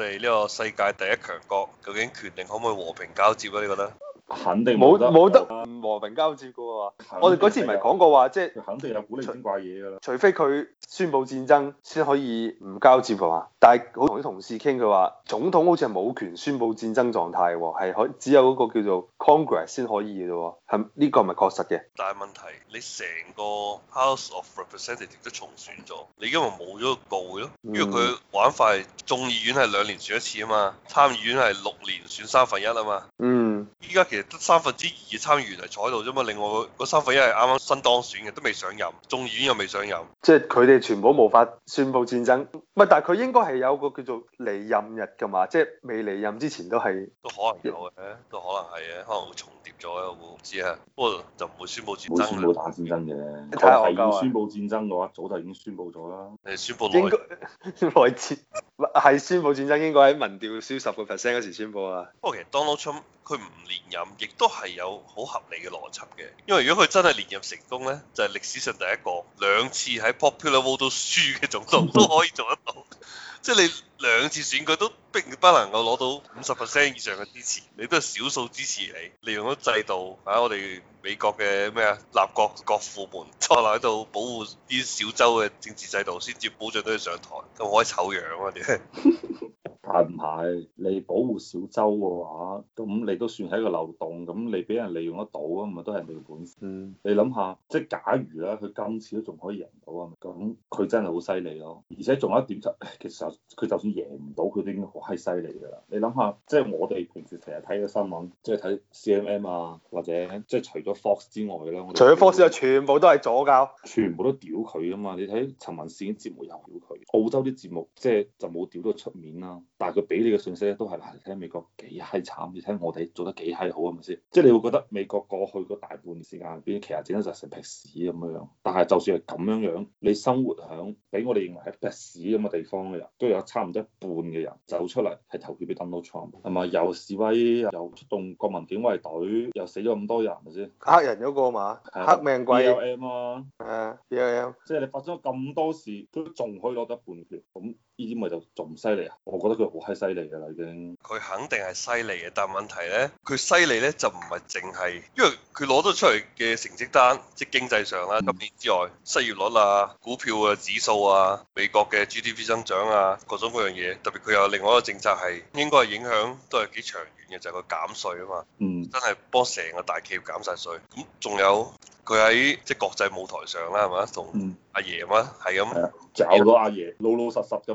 我哋呢個世界第一強國究竟權力可唔可以和平交接啊？你覺得？肯定冇冇得、啊、和平交接噶喎、啊。我哋嗰次唔係講過話，即係肯定有古靈精怪嘢噶啦。除非佢宣佈戰爭，先可以唔交接係嘛、啊？但係我同啲同事傾，佢話總統好似係冇權宣佈戰爭狀態喎、啊，係可只有嗰個叫做 Congress 先可以嘅喎、啊。係、這、呢個唔係確實嘅。但係問題，你成個 House of Representatives 都重選咗，你因為冇咗個部咯。如果佢玩法係眾議院係兩年選一次啊嘛，參議院係六年選三分一啊嘛。嗯。依家其實得三分之二嘅參議員係坐喺度啫嘛，另外嗰三分一係啱啱新當選嘅，都未上任，眾議院又未上任，即係佢哋全部無法宣佈戰爭。唔係，但係佢應該係有個叫做離任日噶嘛，即係未離任之前都係都可能有嘅，都可能係嘅，可能會重疊咗啊，我唔知啊。不過就唔會宣佈戰爭，唔宣佈打戰爭嘅。一係要宣佈戰爭嘅話，早就已經宣佈咗啦。誒，宣佈內內戰，係應該 宣佈戰爭應該喺民調輸十個 percent 嗰時宣佈啊。不過其實 Donald Trump 佢唔。連任亦都係有好合理嘅邏輯嘅，因為如果佢真係連任成功呢，就係歷史上第一個兩次喺 popular vote 都輸嘅總統都可以做得到。即係你兩次選舉都並不能夠攞到五十 percent 以上嘅支持，你都係少數支持你，你，利用咗制度喺、啊、我哋美國嘅咩啊立國國父們坐落喺度保護啲小州嘅政治制度，先至保障到佢上台，咁可以醜樣啊啲。 但唔係？你保護小周嘅話，咁你都算係一個漏洞，咁你俾人利用得到啊？咪都係你嘅本事。嗯、你諗下，即係假如咧，佢今次都仲可以贏到，咁佢真係好犀利咯。而且仲有一點就，其實佢就算贏唔到，佢都已經好閪犀利噶啦。你諗下，即係我哋平時成日睇嘅新聞，即係睇 CMM 啊，或者即係除咗 Fox 之外嘅咧，除咗 Fox 之外，全部都係左膠，全部都屌佢噶嘛？你睇陳文史啲節目又屌佢，澳洲啲節目即係就冇屌到出面啦。但係佢俾你嘅信息咧，都係啦，睇美國幾閪慘，你睇我哋做得幾閪好啊！咪先，即、就、係、是、你會覺得美國過去嗰大半時間入其實整得就成劈屎咁樣樣。但係就算係咁樣樣，你生活喺俾我哋認為係劈屎咁嘅地方嘅人，都有差唔多一半嘅人走出嚟係投票俾 Donald Trump，係咪？又示威，又出動國民警衛隊，又死咗咁多人，咪先？黑人嗰個嘛，是是黑命貴 M 啊嘛，係啊，B 即係你發生咗咁多事，都仲可以攞得半票咁。呢啲咪就仲犀利啊！我覺得佢好係犀利噶啦已經。佢肯定係犀利嘅，但問題咧，佢犀利咧就唔係淨係，因為佢攞到出嚟嘅成績單，即係經濟上啦，今年之外，嗯、失業率啊、股票嘅指數啊、美國嘅 GDP 增長啊，各種各樣嘢。特別佢有另外一個政策係應該係影響都係幾長遠嘅，就係佢減稅啊嘛。嗯。真係幫成個大企業減晒稅。咁仲有佢喺即國際舞台上啦，係咪？同阿爺啊，係咁搞到阿爺老老實實咁。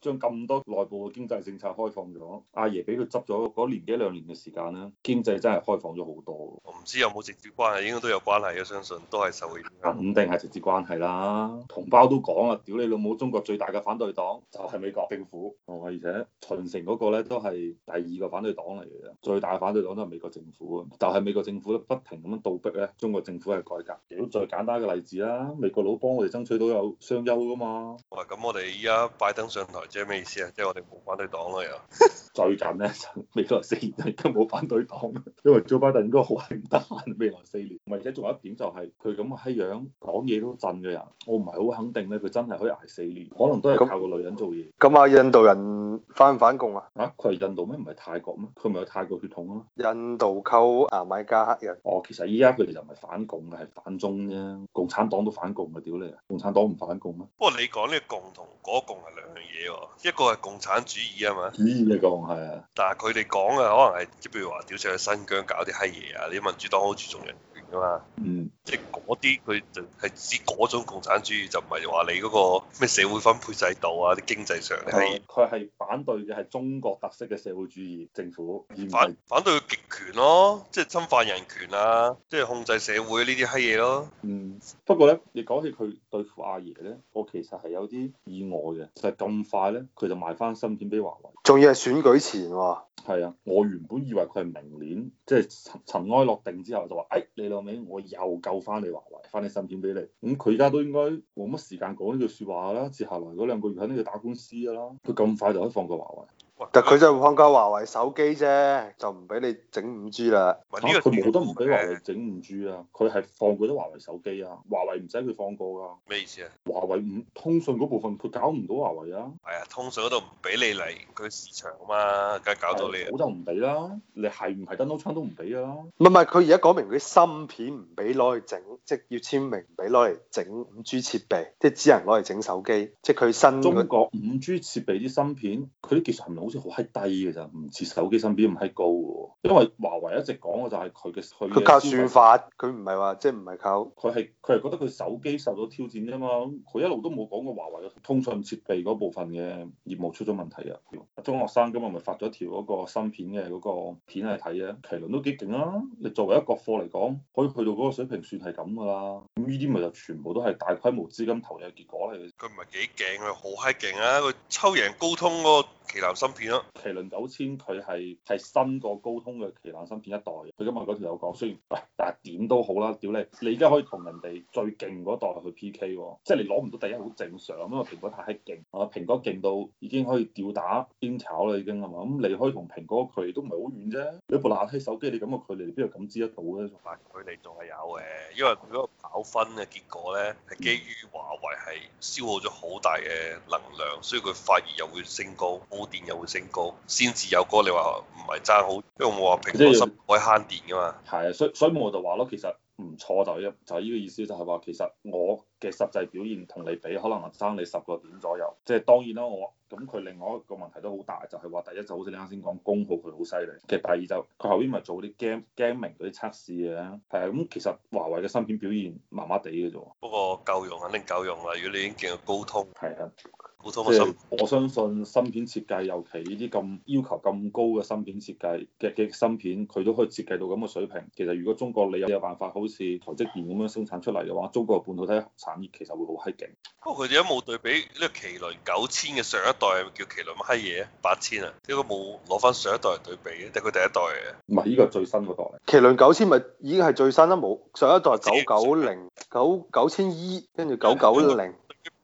將咁多內部嘅經濟政策開放咗，阿爺俾佢執咗嗰年幾一兩年嘅時間啦，經濟真係開放咗好多。我唔知有冇直接關係，應該都有關係啊！相信都係受影響。肯定係直接關係啦。同胞都講啦，屌你老母！中國最大嘅反對黨就係美國政府。哦，而且秦城嗰個咧都係第二個反對黨嚟嘅，最大嘅反對黨都係美國政府啊！就係、是、美國政府不停咁樣倒逼咧，中國政府係改革。如果最簡單嘅例子啦，美國佬幫我哋爭取到有雙休噶嘛。哇！咁我哋依家拜登上台。即係咩意思啊？即係我哋冇反對黨咯，又 最近咧，未來四年都冇反對黨，因為做巴頓嗰個號唔得未來四年。而且仲有一點就係佢咁係樣講嘢都震嘅人，我唔係好肯定咧，佢真係可以捱四年，可能都係靠個女人做嘢。咁啊，印度人。反唔反共啊？嚇佢係印度咩？唔係泰國咩？佢唔係有泰國血統啊？印度溝牙買加黑人。哦，其實依家佢哋就唔係反共，嘅，係反中啫。共產黨都反共啊！屌你共產黨唔反共咩？不過、哦、你講呢個共同嗰共係兩樣嘢喎，哦，一個係共產主義啊嘛。嗯，你講係啊？但係佢哋講嘅可能係即係譬如話，屌上去新疆搞啲閪嘢啊！啲民主黨好注重人。啊嘛，嗯，即係嗰啲佢就係指嗰種共產主義，就唔係話你嗰個咩社會分配制度啊啲經濟上係，佢係、哦、反對嘅係中國特色嘅社會主義政府，而反反對極權咯，即係侵犯人權啊，即係控制社會呢啲閪嘢咯。嗯，不過咧，你講起佢對付阿爺咧，我其實係有啲意外嘅，就係、是、咁快咧，佢就賣翻芯片俾華為，仲要係選舉前喎、哦。係啊，我原本以為佢係明年，即係塵塵埃落定之後就話，哎，你老味我又救翻你華為，翻你信片俾你，咁佢而家都應該冇乜時間講呢句說話啦，接下來嗰兩個月喺呢度打官司噶啦，佢咁快就可以放過華為？但佢就放架華為手機啫，就唔俾你整五 G 啦。因為佢冇得唔俾華為整五 G 啊？佢係放嗰啲華為手機啊。華為唔使佢放過噶。咩意思啊？華為五通訊嗰部分佢搞唔到華為啊。係啊、哎，通訊嗰度唔俾你嚟佢市場啊嘛，梗係搞到你。澳洲就唔俾啦。你係唔係登澳窗都唔俾噶啦？唔係唔係，佢而家講明佢啲芯片唔俾攞去整，即係要簽名唔俾攞嚟整五 G 設備，即係只能攞嚟整手機，即係佢新。中國五 G 設備啲芯片，佢都其實係冇。好似好閪低嘅咋，唔似手機芯片唔閪高喎。因為華為一直講嘅就係佢嘅佢，佢靠算法，佢唔係話即係唔係靠。佢係佢係覺得佢手機受到挑戰啫嘛。佢一路都冇講過華為嘅通訊設備嗰部分嘅業務出咗問題啊。中學生今日咪發咗一條嗰個芯片嘅嗰片嚟睇嘅，麒麟都幾勁啊。你作為一個貨嚟講，可以去到嗰個水平算係咁噶啦。咁呢啲咪就全部都係大規模資金投入嘅結果嚟嘅。佢唔係幾勁啊，好閪勁啊！佢抽贏高通嗰個麒麟芯，麒麟九千佢係係新過高通嘅旗艦芯片一代，佢今日嗰條友講，雖然，但係點都好啦，屌你，你而家可以同人哋最勁嗰代去 P K 喎，即係你攞唔到第一好正常，因為蘋果太係勁，啊蘋果勁到已經可以吊打 Intel 啦已經係嘛，咁、嗯、你可以同蘋果嘅距離都唔係好遠啫，你部爛閪手機你咁嘅距離，邊度感知得到咧？佢哋仲係有嘅，因為佢嗰個跑分嘅結果咧，係基於華為係消耗咗好大嘅能量，所以佢發熱又會升高，耗電又會，升高先至有歌，你話唔係爭好，因為我話蘋果芯可以慳電噶嘛。係啊，所所以我就話咯，其實唔錯就依就呢個意思，就係、是、話其實我嘅實際表現同你比，可能爭你十個點左右。即、就、係、是、當然啦，我咁佢另外一個問題都好大，就係、是、話第一就好似你啱先講功耗佢好犀利。其實第二就佢、是、後邊咪做啲 game gaming 嗰啲測試嘅。係啊，咁其實華為嘅芯片表現麻麻地嘅啫。不過夠用肯定夠用啦，如果你已經見到高通係啦。即係我相信芯片設計，尤其呢啲咁要求咁高嘅芯片設計嘅嘅芯片，佢都可以設計到咁嘅水平。其實如果中國你有有辦法，好似台積電咁樣生產出嚟嘅話，中國嘅半導體產業其實會好閪勁。哦這個、是不過佢哋都冇對比呢，呢個麒麟九千嘅上一代叫麒麟乜閪嘢？八千啊，呢個冇攞翻上一代嚟對比嘅，定佢第一代嘅。唔係，依個最新嗰代。麒麟九千咪已經係最新啦，冇上一代係九九零九九千 E，跟住九九零。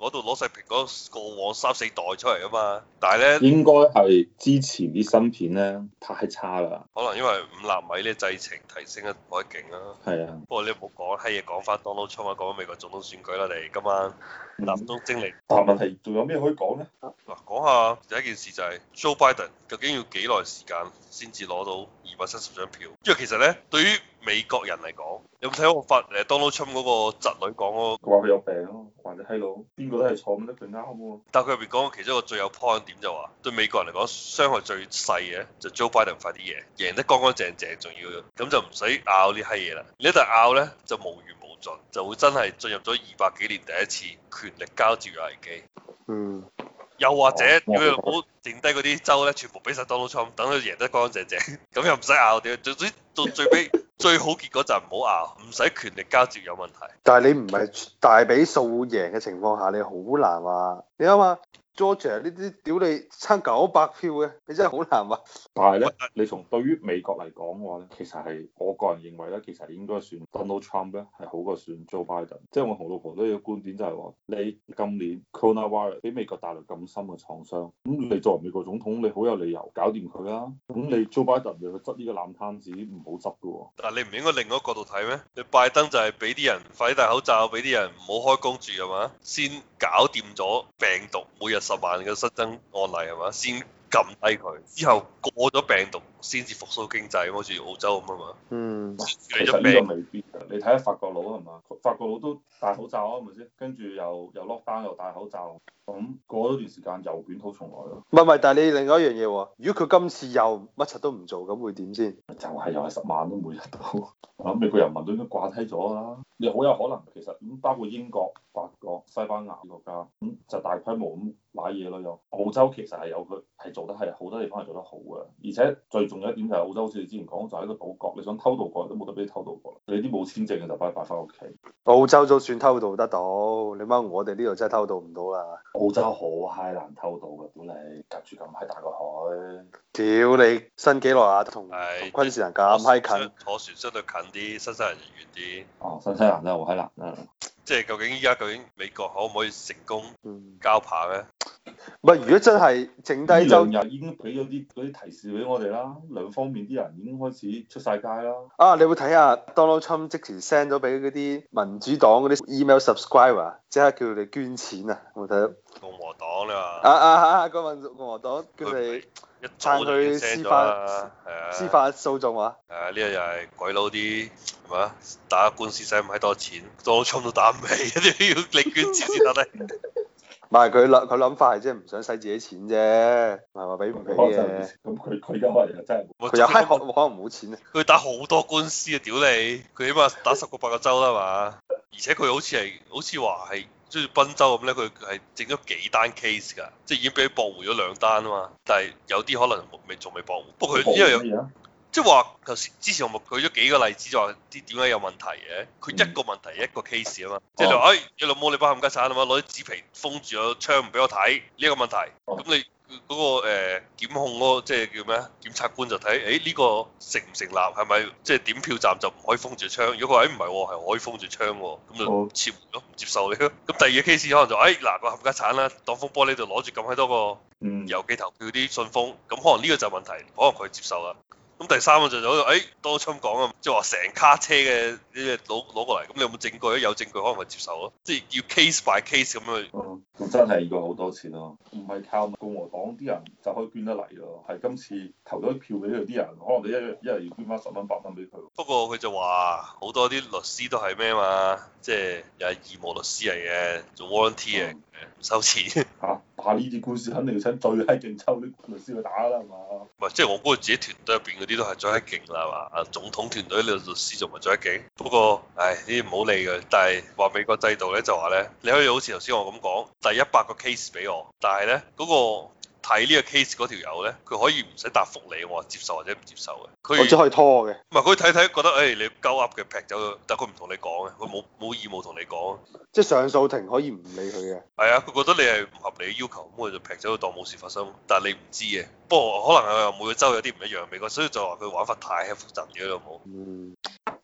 嗰度攞晒蘋果過往三四代出嚟啊嘛，但係咧應該係之前啲芯片咧太差啦，可能因為五納米呢製程提升得唔係勁啊。係啊，不過你冇講閪嘢，講翻當勞侵啊，講翻美國總統選舉啦，你今晚五納米都精力、嗯。但問題仲有咩可以講咧？講下第一件事就係 Joe Biden 究竟要幾耐時間先至攞到二百七十張票？因為其實咧，對於美國人嚟講，有冇睇過我發誒 Donald Trump 嗰個侄女講嗰個話佢有病咯、啊？或者閪佬，邊個都係錯唔得最啱喎。好好但係佢入邊講其中一個最有 point 點就話、是，對美國人嚟講，傷害最細嘅就 Joe Biden 快啲贏，贏得乾乾淨淨重要，仲要咁就唔使拗呢閪嘢啦。你一旦拗咧，就無緣無盡，就會真係進入咗二百幾年第一次權力交接危機。嗯。又或者佢又冇剩低嗰啲州咧，全部俾曬 Donald Trump，等佢贏得乾乾淨淨，咁又唔使拗掉。總之到最尾最好結果就唔好拗，唔使權力交接有問題。但係你唔係大比數贏嘅情況下，你好難話。你諗下？George 呢啲屌你差九百票嘅，你真係好難話。但係咧，你從對於美國嚟講嘅話咧，其實係我個人認為咧，其實你應該算 Donald Trump 咧係好過算 Joe Biden。即係我同老婆呢個觀點就係話，你今年 Corona Virus 俾美國帶來咁深嘅創傷，咁你作為美國總統，你好有理由搞掂佢啊。咁你 Joe Biden 就去執呢個爛攤子，唔好執噶喎。嗱，但你唔應該另一個角度睇咩？你拜登就係俾啲人快戴口罩，俾啲人唔好開工住啊嘛，先搞掂咗病毒每，每日。十萬嘅新增案例係嘛？先撳低佢，之後過咗病毒先至復甦經濟，好似澳洲咁啊嘛。嗯。其實呢個未必㗎。你睇下法國佬係嘛？法國佬都戴口罩啊，咪先。跟住又又 lockdown 又戴口罩，咁過咗段時間又捲土重來咯。唔係唔係，但係你另外一樣嘢喎，如果佢今次又乜柒都唔做，咁會點先？就係又係十萬都每日都。我 美國人民都已經掛低咗啦。你好有可能其實咁包括英國西班牙啲國家咁、嗯、就大規模咁買嘢咯，又澳洲其實係有，佢係做得係好多地方係做得好嘅，而且最重要一點就係澳洲好似之前講就係、一個島國，你想偷渡過都冇得俾你偷渡過啦，你啲冇簽證嘅就擺擺翻屋企。澳洲都算偷渡得到，你媽我哋呢度真係偷渡唔到啦。澳洲好嗨難偷渡嘅，本嚟隔住咁喺大個海。屌你新幾內亞同昆士蘭咁嗨近，坐船相對近啲，新西蘭就遠啲。哦，新西蘭真係好嗨難啊！即係究竟依家究竟美國可唔可以成功交牌咧？唔係、嗯、因為 如果真係剩低就已經俾咗啲啲提示俾我哋啦，兩方面啲人已經開始出晒街啦、啊啊。啊！你會睇下 Donald Trump 即時 send 咗俾嗰啲民主黨嗰啲 email subscriber，即刻叫佢哋捐錢啊！我睇共和黨你啊啊啊！個民共和黨佢哋。一再去司法，啊、司法訴訟話、啊，誒呢個又係鬼佬啲係嘛？打官司使唔係多錢，多充都打唔起，一定要捐錢先先得 。唔係佢諗，佢諗法係即係唔想使自己錢啫，唔係話俾唔俾嘅。咁佢佢而家可能真係，佢又開可能冇錢啊。佢打好多官司啊！ 屌你，佢起碼打十個八個州啦嘛。而且佢好似係，好似話係。即係賓州咁咧，佢係整咗幾單 case 㗎，即係已經俾佢駁回咗兩單啊嘛，但係有啲可能未仲未駁回。不過佢因為有，即係話頭先之前我咪舉咗幾個例子，就話啲點解有問題嘅，佢一個問題一個 case 啊嘛，即係話誒你老母你把冚家鏟啊嘛，攞啲紙皮封住咗窗唔俾我睇，呢、這、一個問題，咁、嗯、你。嗰、那個誒、欸、檢控嗰個即係叫咩啊？檢察官就睇，誒、欸、呢、這個成唔成立？係咪即係點票站就唔可以封住窗？如果佢話，誒唔係喎，係、欸哦、可以封住窗喎，咁就撤回咯，唔接受你咯。咁第二個 case 可能就誒嗱、欸那個冚家鏟啦，擋風玻璃度攞住咁喺多個郵寄投票啲信封，咁可能呢個就係問題，可能佢接受啦。咁第三、就係哎、就個就就誒多春講啊，即係話成卡車嘅呢隻攞攞過嚟，咁你有冇證據？有證據可能係接受咯，即係要 case by case 咁樣。咁、嗯、真係要好多錢咯、啊，唔係靠共和黨啲人就可以捐得嚟咯，係今次投咗票俾佢啲人，可能你一日一日要捐翻十蚊八蚊俾佢。不過佢就話好多啲律師都係咩嘛，即係又係義務律師嚟嘅，做 warranty 嘅唔不收錢嚇、 啊，但呢啲官司肯定要請最閪勁抽啲律師去打啦，係嘛、啊？唔係，即係我嗰個自己團隊入邊嗰啲都係最一勁啦，係嘛？總統團隊啲律師仲咪最一勁。不過，唉，呢啲唔好理佢。但係話美國制度咧，就話咧，你可以好似頭先我咁講，第一百個 case 俾我，但係咧嗰個。睇呢個 case 嗰條友咧，佢可以唔使答覆你，我話接受或者唔接受嘅。佢只可以拖嘅。唔係佢睇睇覺得，誒、欸、你鳩噏嘅劈走，但係佢唔同你講嘅，佢冇冇義務同你講。即係上訴庭可以唔理佢嘅。係啊，佢覺得你係唔合理嘅要求，咁佢就劈走當冇事發生。但係你唔知嘅。不過可能係每個州有啲唔一樣，美國，所以就話佢玩法太複雜嘅咯，冇。嗯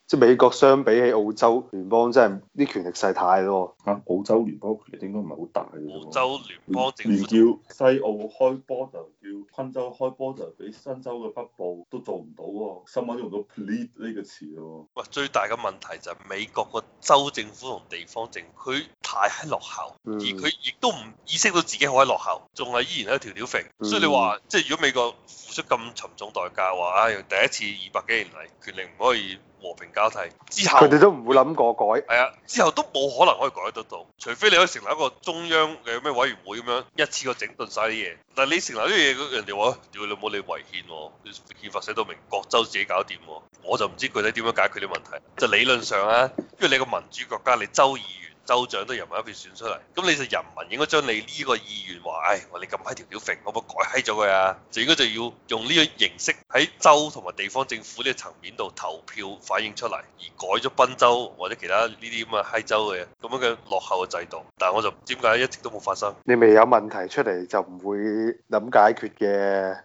即係美國相比起澳洲聯邦，真係啲權力細太多，啊。嚇，澳洲聯邦權力應該唔係好大嘅喎，啊。澳洲聯邦政府聯叫西澳開波就。要昆州開波就俾新州嘅北部都做唔到喎，新聞用到 plead 呢個詞喎。喂，最大嘅問題就係美國個州政府同地方政，佢太喺落後，嗯、而佢亦都唔意識到自己好喺落後，仲係依然喺條條肥。嗯、所以你話即係如果美國付出咁沉重代價話，話唉第一次二百幾年嚟權力唔可以和平交替，之後佢哋都唔會諗過改。係啊，之後都冇可能可以改得到，除非你可以成立一個中央嘅咩委員會咁樣一次過整頓晒啲嘢。但係，你成立啲嘢。如果人哋話屌你老母，你違憲喎，憲法寫到明，各州自己搞掂喎，我就唔知具體點樣解決呢個問題。就理論上啊，因為你個民主國家，你州議員。州長都人民一邊選出嚟，咁你就人民應該將你呢個意願話，唉、哎，我哋咁閪條條肥，可唔可以改閪咗佢啊？就應該就要用呢個形式喺州同埋地方政府呢個層面度投票反映出嚟，而改咗賓州或者其他呢啲咁嘅閪州嘅咁樣嘅落後嘅制度。但係我就唔知點解一直都冇發生。你未有問題出嚟就唔會諗解決嘅。